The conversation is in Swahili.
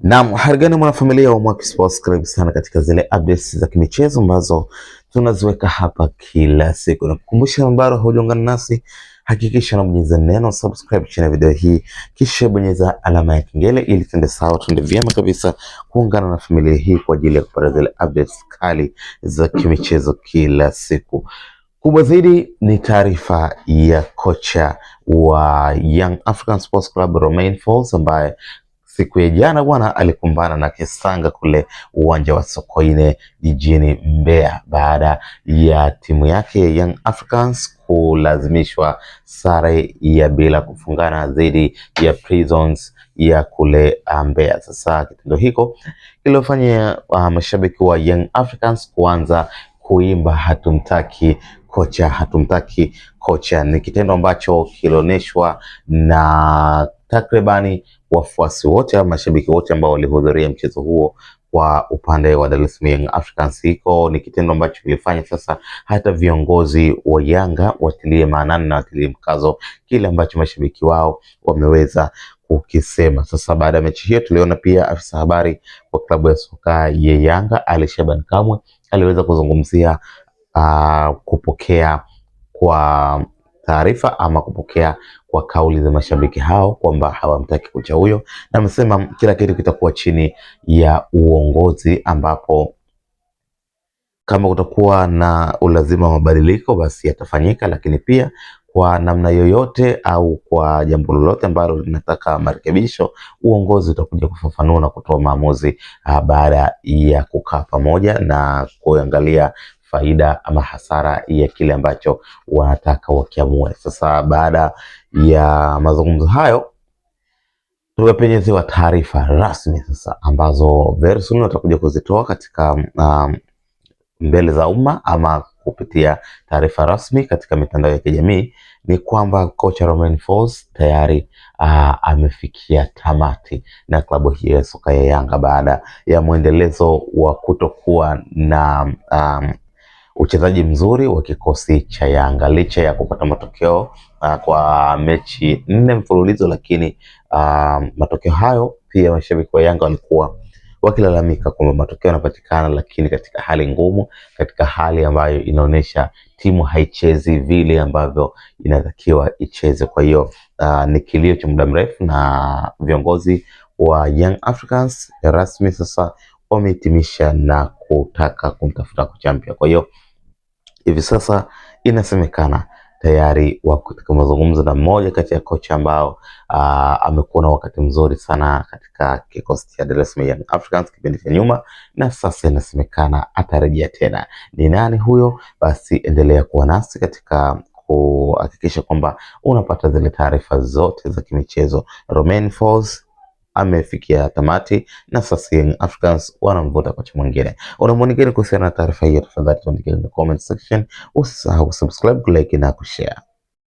Naam, hali gani mwanafamilia wa Mwaki Sports, karibu sana katika zile updates za kimichezo ambazo tunaziweka hapa kila siku. Nakukumbusha ambaro haujaungana nasi, hakikisha unabonyeza neno subscribe chini ya video hii, kisha bonyeza alama ya kengele ili tuende sawa, tuende vyema kabisa kuungana na familia hii kwa ajili ya kupata zile updates kali za kimichezo kila siku. Kubwa zaidi ni taarifa ya kocha wa Young African Sports Club Romain Folz ambaye siku ya jana bwana alikumbana na Kisanga kule uwanja wa Sokoine jijini Mbeya baada ya timu yake Young Africans kulazimishwa sare ya bila kufungana dhidi ya Prisons ya kule ah, Mbeya. Sasa kitendo hiko kilofanya uh, ah, mashabiki wa Young Africans kuanza kuimba hatumtaki kocha hatumtaki kocha, ni kitendo ambacho kilioneshwa na takribani wafuasi wote au mashabiki wote ambao walihudhuria mchezo huo kwa upande wa Dar es Salaam Young Africans. Hiko ni kitendo ambacho kilifanya sasa hata viongozi wa Yanga watilie maanani na watilie mkazo kile ambacho mashabiki wao wameweza ukisema sasa. Baada ya mechi hiyo, tuliona pia afisa habari wa klabu ya soka ya Yanga Ali Shaban Kamwe aliweza kuzungumzia uh, kupokea kwa taarifa ama kupokea kwa kauli za mashabiki hao kwamba hawamtaki kocha huyo, na amesema kila kitu kitakuwa chini ya uongozi, ambapo kama kutakuwa na ulazima wa mabadiliko basi yatafanyika, lakini pia kwa namna yoyote au kwa jambo lolote ambalo linataka marekebisho, uongozi utakuja kufafanua na kutoa maamuzi uh, baada ya kukaa pamoja na kuangalia faida ama hasara ya kile ambacho wanataka wakiamue. Sasa baada ya mazungumzo hayo tumepenyezewa taarifa rasmi sasa ambazo very soon watakuja kuzitoa katika um, mbele za umma ama kupitia taarifa rasmi katika mitandao ya kijamii ni kwamba kocha Romain Folz tayari aa, uh, amefikia tamati na klabu hiyo ya soka ya Yanga baada ya mwendelezo wa kutokuwa na um, uchezaji mzuri wa kikosi cha Yanga licha ya kupata matokeo uh, kwa mechi nne mfululizo, lakini uh, matokeo hayo pia mashabiki wa Yanga walikuwa wakilalamika kwamba matokeo yanapatikana, lakini katika hali ngumu, katika hali ambayo inaonyesha timu haichezi vile ambavyo inatakiwa icheze. Kwa hiyo uh, ni kilio cha muda mrefu, na viongozi wa Young Africans rasmi sasa wamehitimisha na kutaka kumtafuta kocha mpya. Kwa hiyo hivi sasa inasemekana tayari wako katika mazungumzo na mmoja kati ya kocha ambao ah, amekuwa na wakati mzuri sana katika kikosi cha Dar es Salaam Africans kipindi cha nyuma, na sasa inasemekana atarejea tena. Ni nani huyo? Basi endelea kuwa nasi katika kuhakikisha kwamba unapata zile taarifa zote za kimichezo. Romain Folz amefikia tamati na sasa Young Africans wanamvuta kocha mwingine. Una gani kuhusiana na taarifa hii? Tafadhali tuandike kwenye comment section. Usisahau kusubscribe, kulike na kushare.